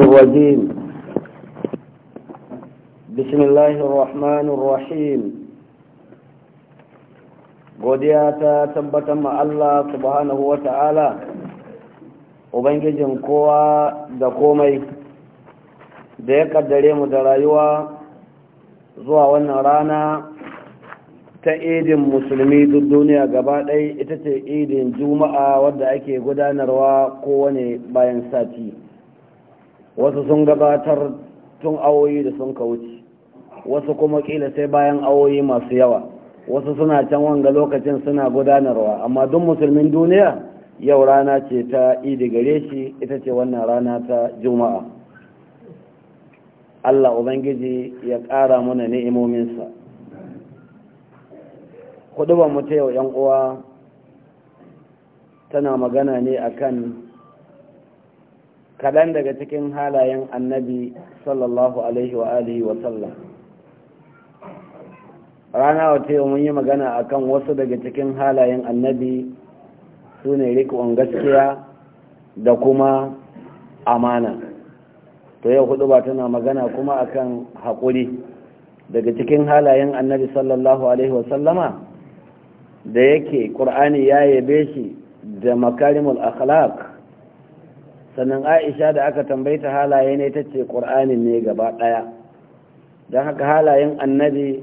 الرجيم بسم الله الرحمن الرحيم godiya ta tabbatar ma Allah subhanahu wa ta'ala ubangijin kowa da komai da ya kaddare mu da rayuwa zuwa wannan rana ta idin musulmi duk duniya gaba ɗaya ita ce idin juma'a wadda ake gudanarwa kowane bayan sati wasu sun gabatar tun awoyi da sun ka wuce wasu kuma kila sai bayan awoyi masu yawa wasu suna can wanga lokacin suna gudanarwa amma duk musulmin duniya yau rana ce ta idi gare shi ita ce wannan rana ta juma'a allah ubangiji ya ƙara mana ni'imominsa kudu ba mu ta yau 'yan uwa tana magana ne akan kaɗan daga cikin halayen annabi sallallahu alaihi wa alihi wa sallam rana wata yau mun yi magana akan wasu daga cikin halayen annabi su ne rikon gaskiya da kuma amana to yau hudu ba tana magana kuma akan haƙuri daga cikin halayen annabi sallallahu alaihi wa sallama da yake ƙur'ani ya yabe shi da makarimul akhlaq sannan aisha da aka tambaita halaye ne ta ce ƙur'anin ne gaba ɗaya don haka halayen annabi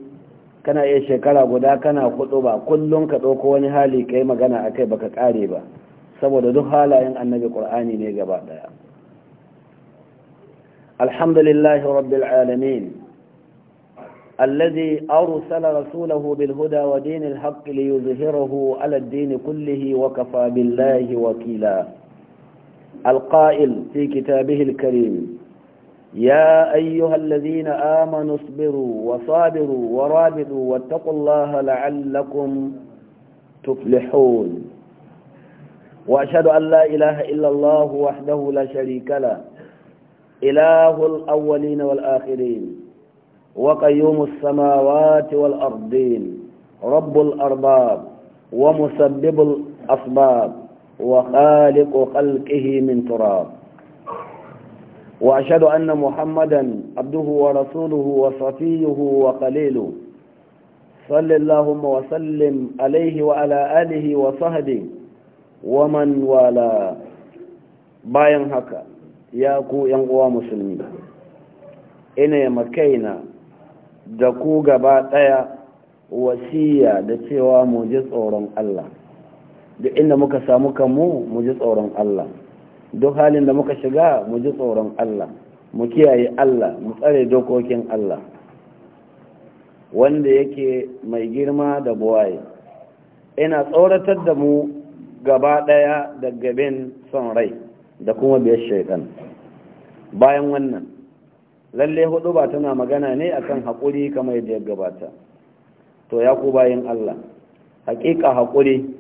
kana iya shekara guda kana kudu ba kullum ka ɗauko wani hali ka yi magana a kai baka ƙare ba saboda duk halayen annabi ƙur'ani ne gaba ɗaya alhamdulillahi rabbil alamin الذي أرسل رسوله بالهدى ودين الحق ليظهره على الدين كله وكفى بالله وكيلا القائل في كتابه الكريم يا أيها الذين آمنوا اصبروا وصابروا ورابطوا واتقوا الله لعلكم تفلحون وأشهد أن لا إله إلا الله وحده لا شريك له إله الأولين والآخرين وقيوم السماوات والأرضين رب الأرباب ومسبب الأسباب وخالق خلقه من تراب وأشهد أن محمدا عبده ورسوله وصفيه وقليله صل اللهم وسلم عليه وعلى آله وصحبه ومن والاه bayan haka ya ku yan uwa musulmi ina ya makaina da ku gaba daya wasiya da cewa mu ji tsoron Allah duk inda muka samu kanmu mu ji tsoron Allah duk halin da muka shiga mu ji tsoron Allah mu kiyaye Allah mu tsare dokokin Allah wanda yake mai girma da buwaye ina tsoratar da mu gaba daya da gaben son rai da kuma biyar shaitan bayan wannan lalle hudu ba tana magana ne akan hakuri kamar yadda ya gabata to ya ku bayan Allah haƙiƙa haƙuri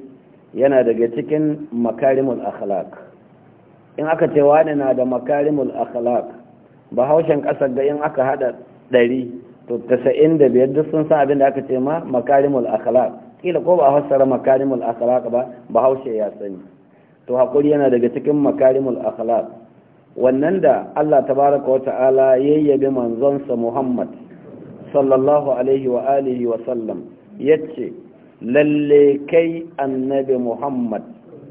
yana daga cikin makarimul akhlaq in aka ce wani na da makarimul akhlaq bahaushen kasar da in aka hada ɗari to 95 duk sun san abin da aka ce ma makarimul akhlaq kila ko ba a makarimul akhlaq ba bahaushe ya sani to hakuri yana daga cikin makarimul akhlaq wannan da Allah tabaraka wa ta'ala yayyabe manzonsa Muhammad sallallahu alaihi wa alihi wa sallam yace lalle kai annabi muhammad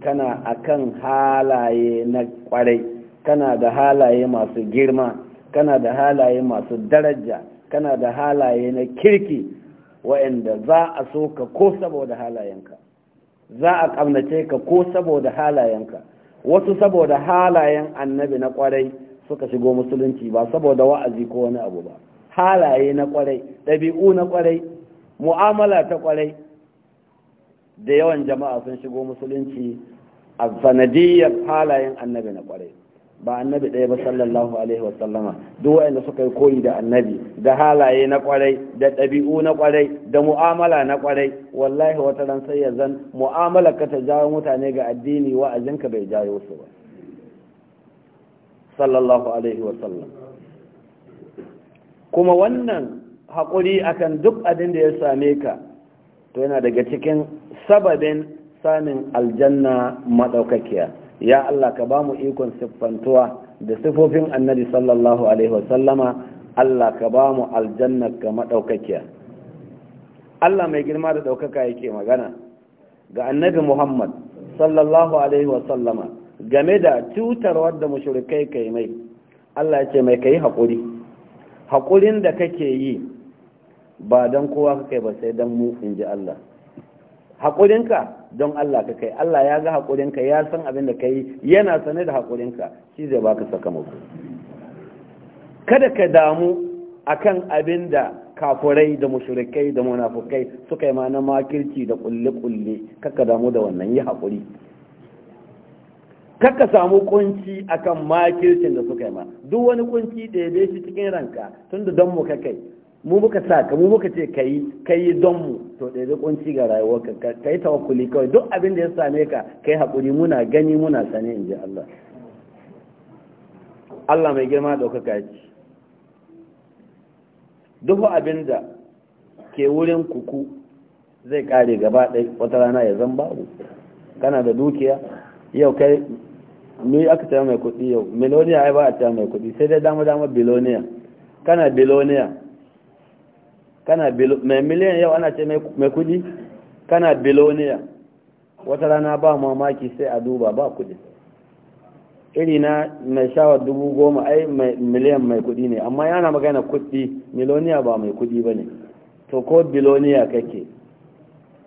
kana akan halaye na kwarai kana da halaye masu girma kana da halaye masu daraja kana da halaye na kirki wa'anda za a so ka ko saboda halayenka za a ƙamnace ka ko saboda halayenka wasu saboda halayen annabi na kwarai suka shigo musulunci ba saboda wa'azi ko wani abu ba halaye na kwarai ɗabi'u na kwarai mu'amala ta kwarai da yawan jama'a sun shigo musulunci a sanadiyar halayen annabi na kwarai ba annabi ɗaya ba sallallahu alaihi wasallama duk waɗanda suka yi koyi da annabi da halaye na kwarai da ɗabi'u na kwarai da mu'amala na kwarai wallahi wata ran sai ya zan mu'amala ka ta jawo mutane ga addini wa'azinka bai jawo su ba sallallahu alaihi wasallam kuma wannan haƙuri akan duk abin da ya same ka to yana daga cikin sababin samun aljanna madaukakiya ya Allah ka ba mu ikon siffantuwa da sifofin annabi sallallahu alaihi wasallama Allah ka ba mu aljanna ga madaukakiya Allah mai girma da daukaka yake magana ga annabi Muhammad sallallahu alaihi wasallama game da cutar wadda mushrikai kai mai Allah ya ce mai kai haƙuri haƙurin da kake yi ba don kowa ka ba sai don mu in ji Allah haƙurinka don Allah ka kai Allah ya ga haƙurinka ya san abin da ka yi yana sane da haƙurinka shi zai baka sakamako kada ka damu akan abin da kafurai da mushrikai da munafukai suka yi ma na makirci da ƙulle-ƙulle. kakka damu da wannan yi haƙuri kakka samu kunci akan makircin da suka yi ma duk wani kunci da ya shi cikin ranka tun da don mu kakai mu muka sa ka mu muka ce kai kai don mu to da zai kunci ga ka kai tawakkuli kawai duk abin da ya same ka kai hakuri muna gani muna sane in ji Allah Allah mai girma daukaka ce duk abin da ke wurin kuku zai kare gaba ɗai wata rana ya zan babu kana da dukiya yau kai ni aka tsaye mai kuɗi yau miloniya ai ba a tsaye mai kuɗi sai dai dama dama biloniya kana biloniya kana mai miliyan yau ana ce mai kudi kana biloniya wata rana ba mamaki sai a duba ba kudi iri na mai shawar dubu goma ai miliyan mai kudi ne amma yana magana kudi miloniya ba mai kudi ba ne to ko biloniya kake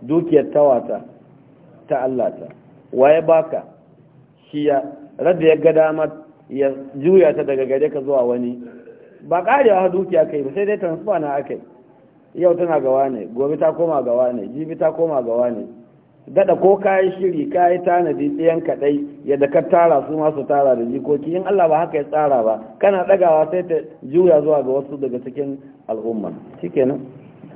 dukiyar tawata ta Allah ta waye baka shi ya radda ya ga damar ya juya ta daga gare ka zuwa wani ba ƙarewa dukiya kai ba sai dai transfer na akai yau tana gawa ne gobe ta koma gawa ne jibi ta koma gawa ne dada ko kayi shiri kayi tanadi ɗayan kaɗai yadda ka tara su masu tara da jikoki in Allah ba haka ya tsara ba kana ɗagawa sai ta juya zuwa ga wasu daga cikin al'umma shikenan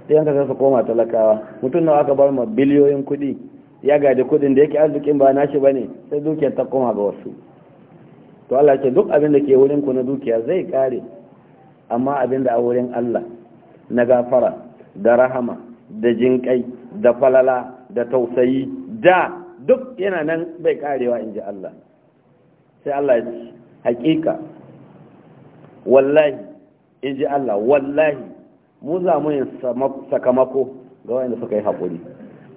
ɗayan ka su koma talakawa mutum nawa aka bar ma biliyoyin kuɗi ya gadi kuɗin da yake arzikin ba nashi ne sai dukiyar ta koma ga wasu to Allah ce duk abin da ke wurin ku na dukiya zai kare amma abin da a wurin Allah na gafara da rahama da jinƙai da falala da tausayi da duk yana nan bai karewa in ji Allah sai Allah ya ce hakika wallahi in ji Allah wallahi mu za mu yin sakamako ga wanda suka yi haƙuri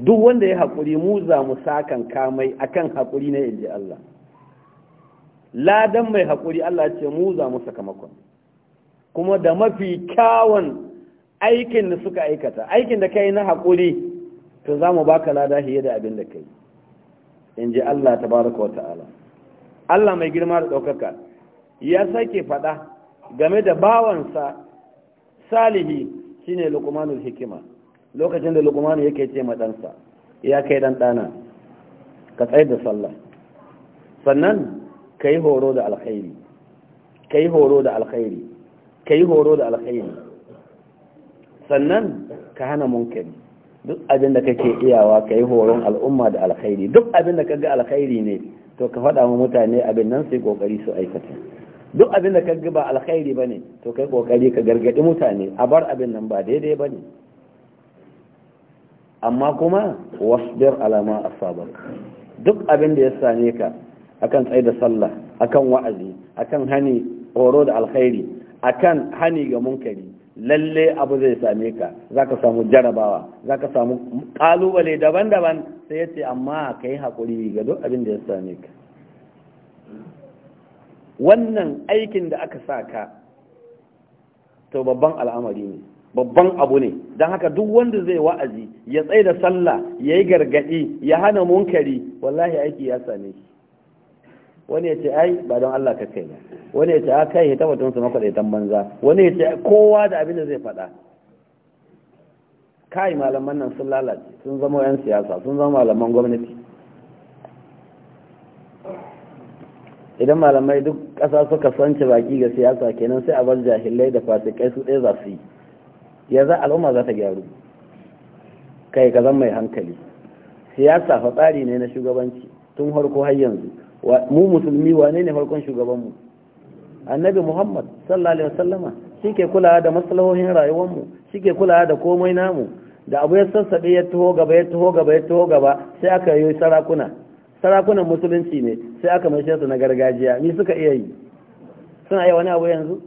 duk wanda ya haƙuri mu za mu sakan kamai akan haƙuri na in ji Allah ladan mai haƙuri Allah ce mu za mu sakamakon kuma da mafi kyawun aikin da suka aikata aikin da kai na hakuri to za mu baka lada hiye da abin da kai in ji Allah baraka wa ta'ala Allah mai girma da ɗaukaka ya sake faɗa game da bawansa salihi shine luqmanul hikima lokacin da luqmanu yake ce ma ya kai dan ɗana ka tsayar da sallah sannan ka yi horo da alkhairi ka yi horo da alkhairi ka yi horo da alkhairi sannan ka hana munkari duk abin da kake iyawa ka yi horon al'umma da alkhairi duk abin da kaga alkhairi ne to ka faɗa wa mutane abin nan sai kokari su aikata duk abin da kaga ba alkhairi ba to kai kokari ka gargaɗi mutane a bar abin nan ba daidai ba amma kuma wasbir alama asabak duk abin da ya same ka akan tsaye da sallah akan wa'azi akan hani horo da alkhairi akan hani ga munkari lalle abu zai same ka za ka samu jarabawa za ka samu ƙalubale daban-daban sai ya ce amma ka yi haƙuri ga duk abin da ya same ka wannan aikin da aka sa ka to babban al'amari ne babban abu ne don haka duk wanda zai wa'azi ya tsaye da sallah ya yi gargaɗi ya hana munkari wallahi aiki ya same shi wani ya ce ai ba don Allah ka kai ba wani ya ce a ah, kai ta mutum su makwadaitan banza wani ya ce kowa da abin da zai faɗa kai malaman nan sun lalace sun zama yan siyasa sun zama malaman gwamnati idan malamai duk ƙasa suka sanci baki ga siyasa kenan sai a bar jahilai da fasikai su ɗaya za su yi yanzu al'umma za ta gyaru kai ka zama mai hankali siyasa fa tsari ne na shugabanci tun harko har yanzu mu musulmi wane ne farkon shugabanmu annabi muhammad sallallahu alaihi wasallama shi ke kulawa da maslahohin rayuwarmu shi ke kulawa da komai namu da abu ya sassaɓe ya taho gaba ya taho gaba ya taho gaba sai aka yi sarakuna sarakunan musulunci ne sai aka mai su na gargajiya ni suka iya yi suna iya wani abu yanzu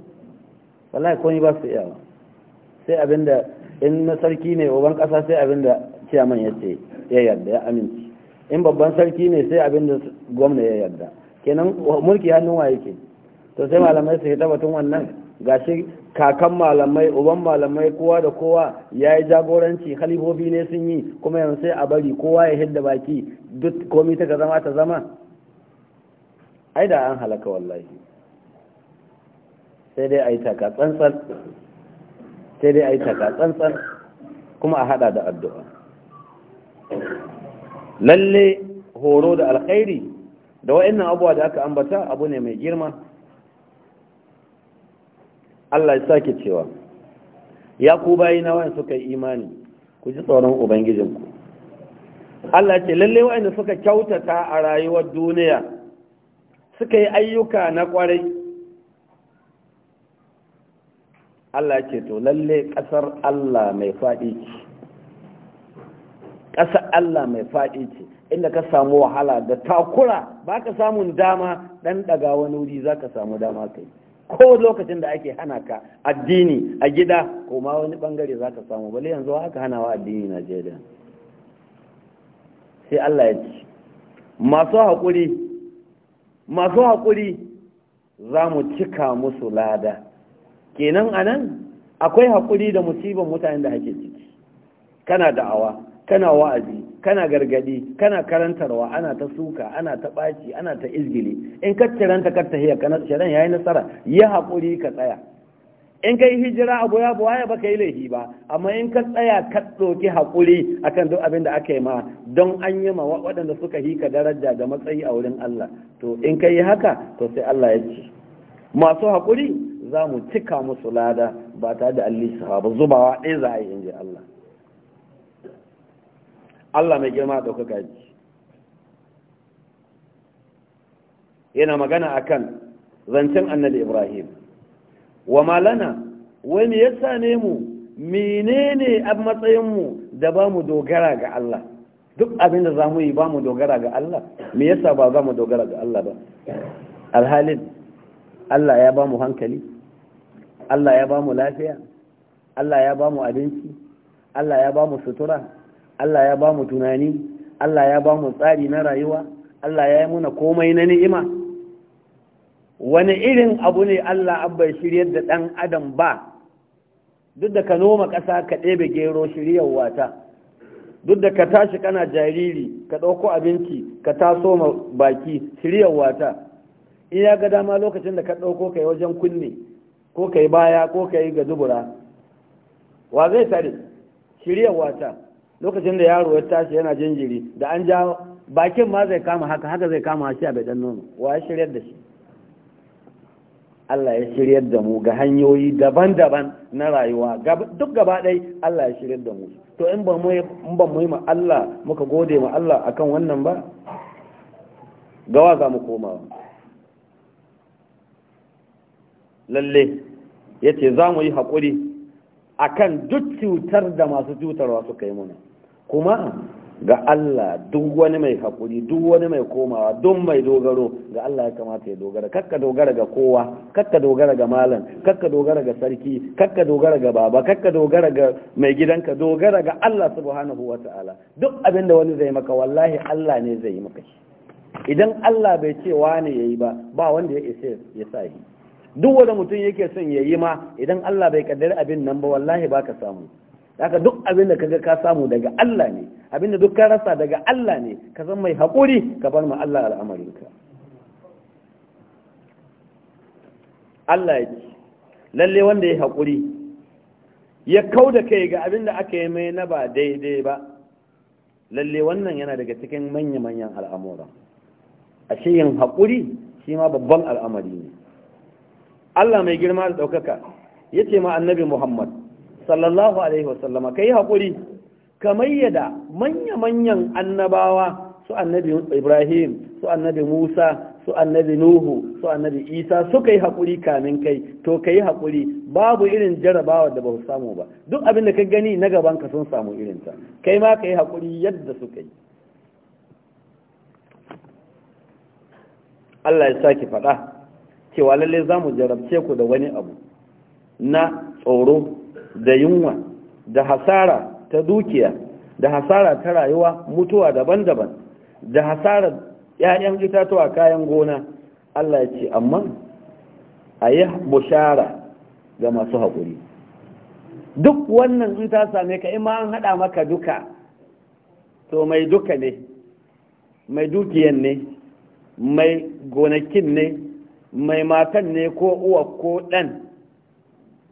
wallahi komai ba su iyawa sai abinda in na sarki ne uban kasa sai abinda ciyaman ya ce ya yarda ya aminci in babban sarki ne sai abinda gwamna ya yarda kenan mulki hannun waye ke to sai malamai su ta batun wannan gashi kakan malamai uban malamai kowa da kowa ya yi jagoranci halifofi ne sun yi kuma yanzu sai a bari kowa ya hidda baki duk komi ta zama ta zama ai da an halaka wallahi sai dai a yi taka tsantsan sai dai a yi taka tsantsan kuma a hada da addu'a lalle horo da alkhairi da wa'annan abuwa da aka ambata abu ne mai girma Allah ya sake cewa ya ku bayi na wa'in suka yi imani ku ji tsoron ubangijinku Allah ce lalle wa'in suka kyautata a rayuwar duniya suka yi ayyuka na kwarai Allah ce to lalle ƙasar Allah mai faɗi ce ƙasa Allah mai faɗi ce inda ka samu wahala da takura ba ka samun dama ɗan ɗaga wani wuri za ka samu dama kai ko lokacin da ake hana ka addini a gida ko ma wani ɓangare za ka samu bale yanzu haka hanawa addini Najeriya sai Allah ya ce masu haƙuri masu haƙuri za mu cika musu lada kenan a nan, akwai haƙuri da musibin mutane da ake ciki kana da'awa kana wa'azi kana gargadi kana karantarwa ana ta suka ana ta baci ana ta izgili in ka ciranta ka tahiya kana sharan yayi nasara ya hakuri ka tsaya in kai hijira abu ya buwaya ba ka yi laifi ba amma in ka tsaya ka ɗauki haƙuri akan duk abin da aka yi ma don an yi ma waɗanda suka hika daraja da matsayi a wurin Allah to in ka yi haka to sai Allah ya ce masu hakuri za mu cika musu lada ba tare da alli ba zubawa ɗaya za a yi in ji Allah Allah mai girma da ɗaukaka ji yana magana akan zancen annabi Ibrahim wa malana wai me yasa ne mu menene a matsayin mu da ba mu dogara ga Allah duk abin da zamu yi ba mu dogara ga Allah me yasa ba za mu dogara ga Allah ba alhalin Allah ya ba mu hankali Allah ya ba mu lafiya Allah ya ba mu abinci Allah ya ba mu sutura Allah ya ba mu tunani Allah ya ba mu tsari na rayuwa Allah ya yi muna komai na ni'ima wani irin abu ne Allah abba shirya da ɗan adam ba duk da ka noma ƙasa ka ɗebe gero shiryar wata duk da ka tashi kana jariri ka ɗauko abinci ka taso ma baki shiryar wata in ga dama lokacin da ka ɗauko ka yi wajen kunne ko ka yi baya ko ka yi ga dubura wa zai tare shiryar wata lokacin da yaro ya tashi yana jinjiri da an ja bakin ma zai kama haka haka zai kama shi a bai dan nono wa ya shiryar da shi Allah ya shiryar da mu ga hanyoyi daban-daban na rayuwa duk gaba ɗai Allah ya shiryar da mu to in ba mu in ba mu yi ma Allah muka gode ma Allah akan wannan ba gawa za mu koma lalle yace za mu yi hakuri akan duk cutar da masu cutarwa suka yi muna kuma ga Allah duk wani mai hakuri duk wani mai komawa duk mai dogaro ga Allah ya kamata ya dogara kakka dogara ga kowa kakka dogara ga malam kakka dogara ga sarki kakka dogara ga baba kakka dogara ga mai gidanka dogara ga Allah subhanahu wata'ala duk abin da wani zai maka wallahi Allah ne zai yi maka idan Allah bai ce wani yayi ba ba wanda ya isa ya sa duk wani mutum yake son yayi ma idan Allah bai kaddara abin nan ba wallahi baka samu haka duk abin da kaga ka samu daga Allah ne abin da duk ka rasa daga Allah ne ka zan mai haƙuri ka bar ma Allah al'amarinka Allah ya ce lalle wanda ya haƙuri ya kau da kai ga abin da aka yi mai na ba daidai ba lalle wannan yana daga cikin manya-manyan al'amura a yin haƙuri shi ma babban al'amari ne Allah mai girma da ɗaukaka ya ce ma annabi Muhammad sallallahu alaihi wasallama kai haƙuri ka mayyada manya-manyan annabawa su annabi ibrahim su annabi musa su annabi nuhu su annabi isa suka yi haƙuri kamin kai to ka yi haƙuri babu irin jarabawa da ba samu ba duk abin da ka gani na gaban ka sun samu irinta kai ma ka yi haƙuri yadda suka yi Allah ya sa ki faɗa cewa lallai za mu jarabce ku da wani abu na tsoro da yunwa da hasara ta dukiya da hasara ta rayuwa mutuwa daban-daban da hasarar 'ya'yan itatuwa kayan gona Allah ya ce amma a yi bushara ga masu haƙuri duk wannan in ta same ka ima an haɗa maka duka to mai duka ne mai dukiyan ne mai gonakin ne mai matan ne ko uwa ko ɗan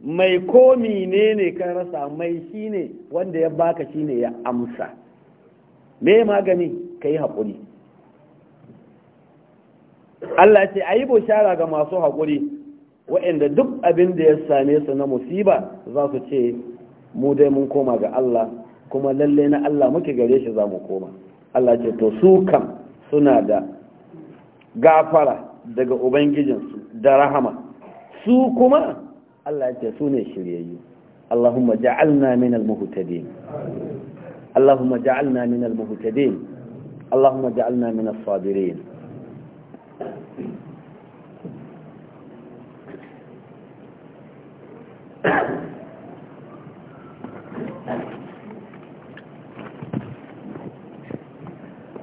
mai komi ne ne ka rasa mai shi ne wanda ya baka shi ne ya amsa me magani ka yi haƙuri Allah ce a yi bushara ga masu haƙuri waɗanda duk abin da ya same su na musiba za su ce mu dai mun koma ga Allah kuma lalle na Allah muke gare shi za mu koma Allah ce to su kam suna da gafara daga Ubangijinsu da rahama su kuma الله يتسوني الشريعي اللهم جعلنا من المهتدين اللهم جعلنا من المهتدين اللهم جعلنا من الصابرين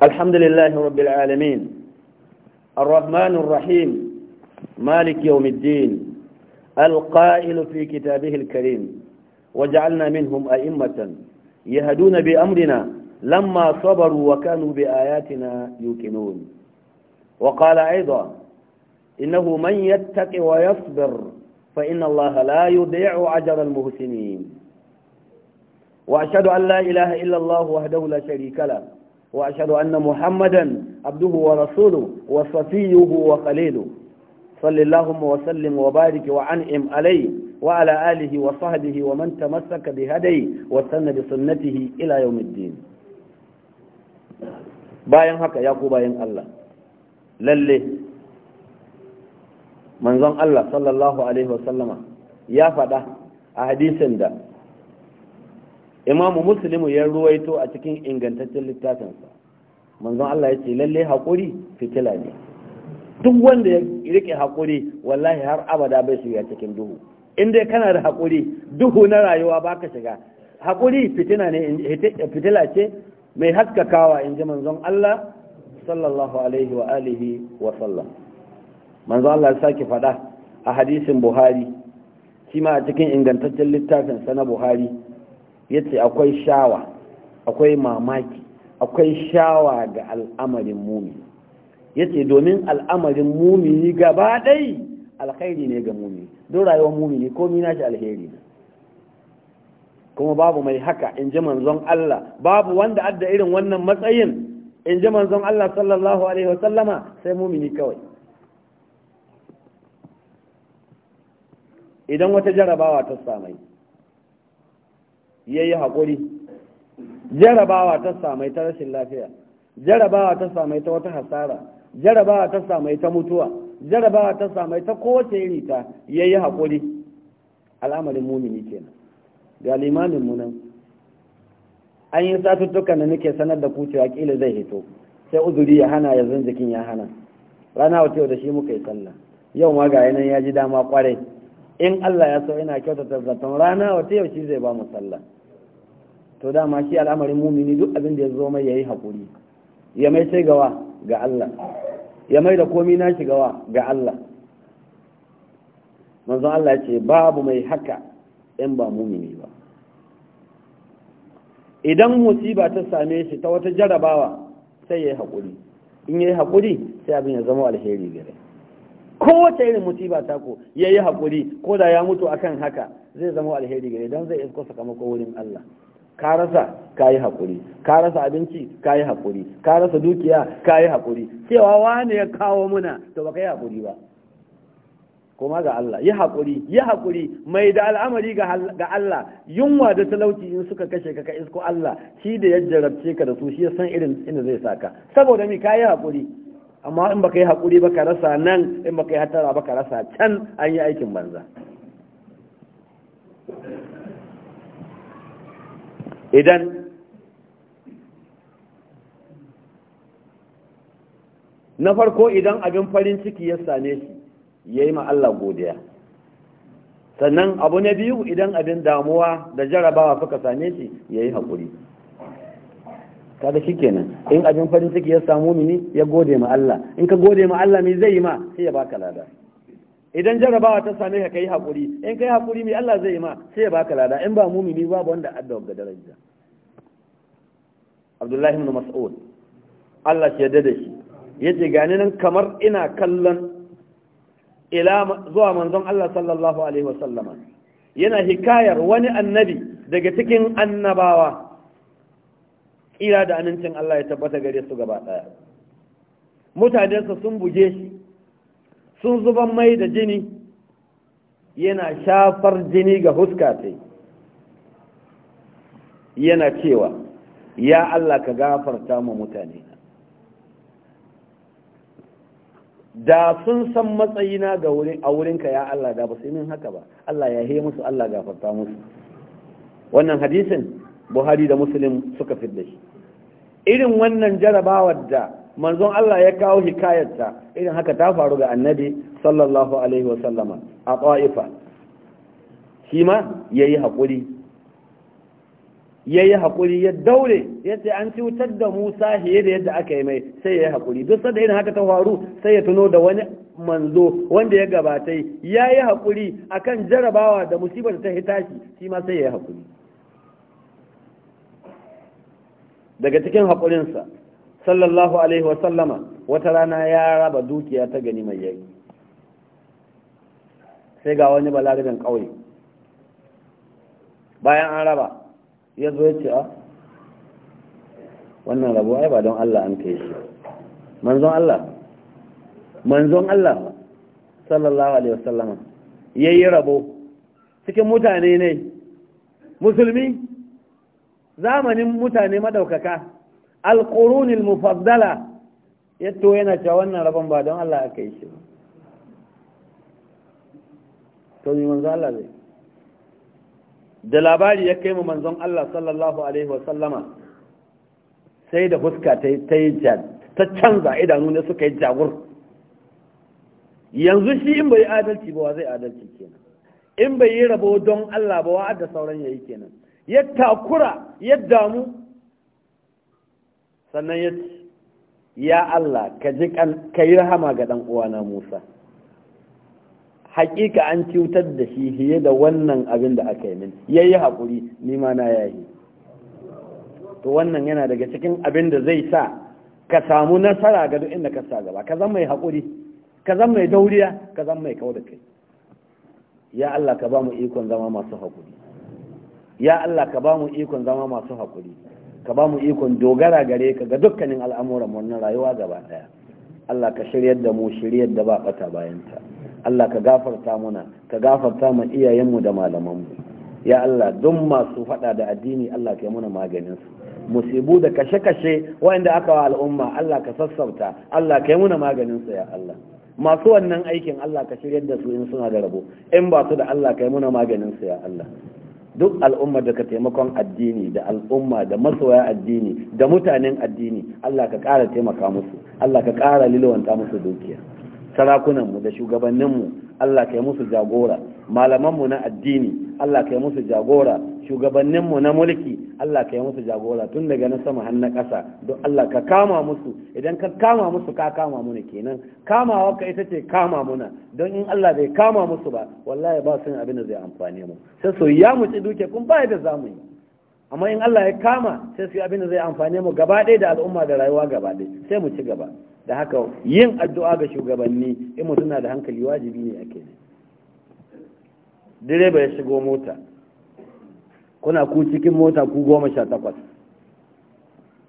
الحمد لله رب العالمين الرحمن الرحيم مالك يوم الدين القائل في كتابه الكريم وجعلنا منهم أئمة يهدون بأمرنا لما صبروا وكانوا بآياتنا يوقنون وقال أيضا إنه من يتق ويصبر فإن الله لا يضيع أجر المحسنين وأشهد أن لا إله إلا الله وحده لا شريك له وأشهد أن محمدا عبده ورسوله وصفيه وخليله صل اللهم وسلم وبارك وأنعم عليه وعلى آله وصحبه ومن تمسك بهدي وسن بسنته إلى يوم الدين bayan haka ya ku bayan Allah lalle manzon Allah sallallahu alaihi wasallama ya faɗa a hadisin da imamu muslimu ya ruwaito a cikin ingantaccen littafinsa manzon Allah ya ce lalle haƙuri fitila ne duk wanda ya rike hakuri, wallahi har abada bai shiga cikin duhu in dai kana da haƙuri duhu na rayuwa baka shiga Hakuri fitina ne fitila ce mai haskakawa in ji manzon Allah sallallahu alaihi wa alihi wa sallam manzon Allah ya sake faɗa a hadisin Buhari shi ma a cikin ingantaccen littafin sa na Buhari yace akwai shawa akwai mamaki akwai shawa ga al'amarin mumini yace domin al'amarin mumini gaba ɗai alkhairi ne ga mumini don rayuwar mumini komi shi alheri ne kuma babu mai haka in ji manzon Allah babu wanda adda irin wannan matsayin in ji manzon Allah sallallahu alaihi wasallama sai mumini kawai idan wata jarabawa ta samai yayi haƙuri jarabawa ta samai ta rashin lafiya jarabawa ta samai ta wata hasara jarabawa ta samai ta mutuwa jarabawa ta samai ta kowace iri ta yayi hakuri al'amarin mumini kenan ga limamin mu an yi satuttukan na nake sanar da ku cewa kila zai hito sai uzuri ya hana yanzu jikin ya hana rana wata yau da shi muka yi sallah yau ma ga yanan ya ji dama kwarai in Allah ya so ina kyautata zaton rana wata yau shi zai ba mu sallah to dama shi al'amarin mumini duk abin da ya zo mai ya yi hakuri ya mai sai gawa ga Allah ya mai da komi na shigawa ga Allah manzon Allah ce babu mai haka in ba mumini ba idan musiba ta same shi ta wata jarabawa sai ya yi haƙuri in ya yi haƙuri sai abin ya zama alheri gare kowace irin musiba ta ko ya yi haƙuri ko da ya mutu akan haka zai zama alheri gare don zai isko sakamako wurin Allah ka rasa Ka yi haƙuri, ka rasa abinci ka yi haƙuri, ka rasa dukiya ka yi haƙuri. cewa wani ya kawo muna to ba ka yi haƙuri ba kuma ga Allah yi haƙuri, yi haƙuri, mai da al'amari ga Allah yunwa da talauci in suka kashe ka ka isko Allah shi da ya jarabce ka da su shi ya san irin inda zai saka saboda mi yi haƙuri. amma in baka yi haƙuri ba ka rasa nan in baka yi hatara ba ka rasa can an yi aikin banza idan na farko idan abin farin ciki ya same shi ya yi Allah godiya sannan abu na biyu idan abin damuwa da jarabawa suka same shi ya yi haƙuri kada shi kenan in abin farin ciki ya samu mini ya gode ma Allah in ka gode ma Allah zai yi ma sai ya baka lada idan jarabawa ta same ka kai haƙuri in kai haƙuri mai Allah zai yi ma sai ya baka lada in ba mumini babu wanda adda ga daraja Abdullahi ibn Mas'ud Allah shi ya dade shi ya ce gani nan kamar ina kallon zuwa manzon Allah sallallahu Alaihi wasallama yana hikayar wani annabi daga cikin annabawa ƙira da amincin Allah ya tabbata gare su gaba ɗaya mutanensa sun buge shi sun zuban mai da jini yana shafar jini ga huska sai yana cewa ya Allah ka gafarta mu mutane da sun san matsayina ga wurin a wurinka ya Allah da ba su min haka ba Allah ya he musu Allah gafarta musu wannan hadisin Buhari da Muslim suka fidda shi irin wannan jarabawar da manzon Allah ya kawo hikayarta irin haka ta faru ga annabi sallallahu alaihi wasallama a ƙwa'ifa shi ma yayi yi haƙuri ya yi haƙuri ya daure ya ce an cutar da musa fiye da yadda aka yi mai sai ya yi haƙuri duk sanda yin haka ta faru sai ya tuno da wani manzo wanda ya gabata ya yi haƙuri akan jarabawa da musibar ta hitashi shi ma sai ya yi haƙuri daga cikin haƙurinsa sallallahu alaihi wasallama wata rana ya raba dukiya ta gani mai yayi sai ga wani balarabin ƙauye bayan an raba ya zo ya ce a ah, wannan rabo ai ba don Allah an kai shi manzon Allah manzon Allah sallallahu alaihi wasallam yayi rabo cikin mutane ne musulmi zamanin mutane madaukaka alqurunil mufaddala yato yana cewa wannan rabon ba don Allah aka yi shi ba to ni manzo Allah zai da labari ya kai mu manzon Allah sallallahu alaihi wa sallama sai da fuska ta canza idanu ne suka yi jagur yanzu shi in bai adalci ba wa zai adalci kenan in bai yi rabo don Allah ba wa da sauran yayi kenan ya takura ya damu sannan ya ya Allah ka ji kan ka yi rahama ga dan uwana Musa haƙiƙa an cutar da shi fiye da wannan abin da aka yi min yi haƙuri ni ma na yayi to wannan yana daga cikin abin da zai sa ka samu nasara ga duk inda ka sa gaba ka zama mai haƙuri ka zama mai dauriya ka zama mai da kai ya Allah ka ba mu ikon zama masu haƙuri ya Allah ka ba mu ikon zama masu haƙuri ka ba mu ikon dogara gare ka ga dukkanin al'amuran wannan rayuwa gaba ɗaya Allah ka shiryar da mu shiryar da ba ɓata bayanta Allah ka gafarta muna ka gafarta ma iyayenmu da malamanmu ya Allah duk masu faɗa da addini Allah ka yi muna maganin su musibu da kashe-kashe waɗanda aka wa al'umma Allah ka sassauta Allah ka yi muna maganin su ya Allah masu wannan aikin Allah ka shiryar da su in suna da rabo in ba su da Allah ka yi muna maganin su ya Allah duk al'umma da ka taimakon addini da al'umma da masoya addini da mutanen addini Allah ka ƙara taimaka musu Allah ka ƙara lilwanta musu dukiya Sarakunan mu da shugabannin mu Allah ka kai musu jagora malaman mu na addini Allah ka kai musu jagora shugabanninmu na mulki Allah ka kai musu jagora tun daga na sama har na ƙasa don Allah ka kama musu idan ka kama musu ka kama muna kenan kamawa ka ita ce kama muna don in Allah bai kama musu ba wallahi ba su abin da zai amfane mu sai so ya mu ci duke kun ba da zamu yi amma in Allah ya kama sai su abin da zai amfane mu gaba ɗaya da al'umma da rayuwa gaba ɗaya sai mu ci gaba da haka yin addu'a ga shugabanni in mutum da hankali wajibi ne ake ne direba ya shigo mota kuna ku cikin mota ku goma sha takwas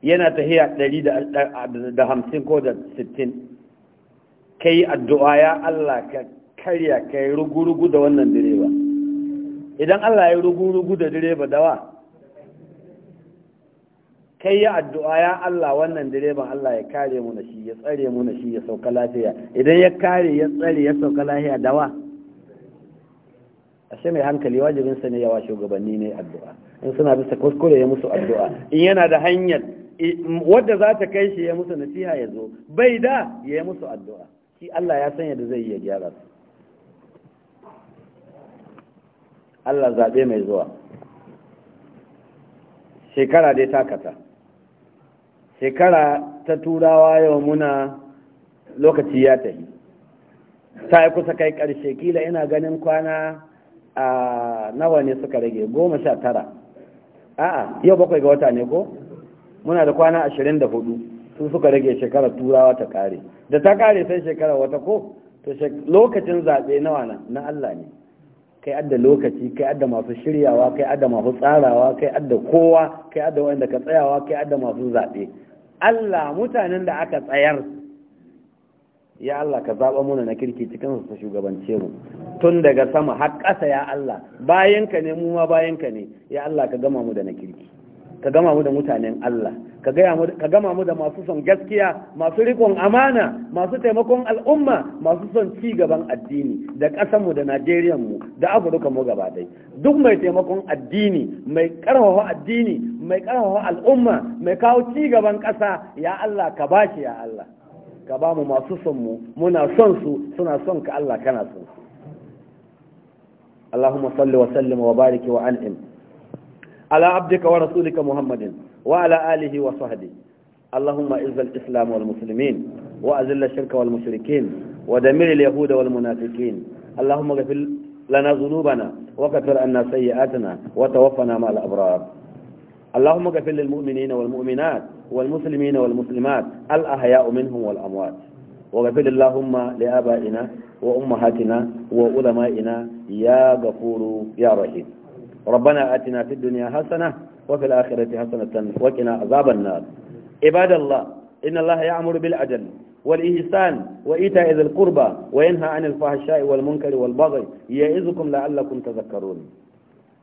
yana tahiya ɗari da hamsin ko da sittin ka yi addu'a ya Allah ka karya ka yi rugu-rugu da wannan direba idan Allah ya yi rugu-rugu da direba dawa kai ya addu'a ya Allah wannan direban Allah ya kare mu na shi ya tsare mu na shi ya sauka lafiya idan ya kare ya tsare ya sauka lafiya dawa ashe mai hankali sa ne yawa shugabanni ne addu'a in suna bisa kuskure ya musu addu'a in yana da hanyar wadda za ta kai shi ya musu nasiha ya zo bai da ya yi musu addu'a shi Allah ya san yadda zai iya gyara su Allah zaɓe mai zuwa shekara dai takata shekara ta turawa yau muna lokaci ya tafi ta yi kusa kai ƙarshe kila ina ganin kwana a nawa ne suka rage goma sha tara a'a yau bakwai ga wata ne ko muna da kwana ashirin da hudu su suka rage shekarar turawa ta kare da ta kare sai shekarar wata ko lokacin zaɓe nawa na Allah ne kai adda lokaci kai adda masu shiryawa kai adda masu tsarawa kai adda kowa kai adda wanda ka tsayawa kai adda masu zaɓe Allah mutanen da aka tsayar ya Allah ka zaɓa muna na kirki cikin su shugabance mu tun daga sama har ƙasa ya Allah bayanka ne mu ma bayanka ne ya Allah ka gama mu da na kirki ka gama mu da mutanen Allah ka gama mu da masu son gaskiya masu rikon amana masu taimakon al'umma masu son ci gaban addini da mu da Najeriya mu da Afirka mu gaba dai duk mai taimakon addini mai karfafa addini mai karfafa al'umma mai kawo ci gaban ƙasa ya Allah ka bashi ya Allah ka ba mu masu son mu muna son su suna son ka Allah kana son su wa sallim wa barik wa an'im. على عبدك ورسولك محمد وعلى آله وصحبه اللهم إذ الإسلام والمسلمين وأذل الشرك والمشركين ودمر اليهود والمنافقين اللهم اغفر لنا ذنوبنا وكفر عنا سيئاتنا وتوفنا مع الأبرار اللهم اغفر للمؤمنين والمؤمنات والمسلمين والمسلمات الأحياء منهم والأموات وغفر اللهم لآبائنا وأمهاتنا وعلمائنا يا غفور يا رحيم ربنا آتنا في الدنيا حسنة وفي الآخرة حسنة وقنا عذاب النار عباد الله إن الله يأمر بالعدل والإحسان وإيتاء ذي القربى وينهى عن الفحشاء والمنكر والبغي يعظكم لعلكم تذكرون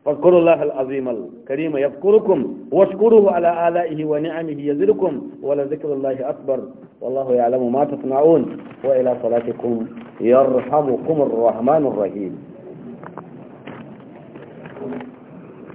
فاذكروا الله العظيم الكريم يذكركم واشكروه على آلائه ونعمه يزلكم ولذكر الله أكبر والله يعلم ما تصنعون وإلى صلاتكم يرحمكم الرحمن الرحيم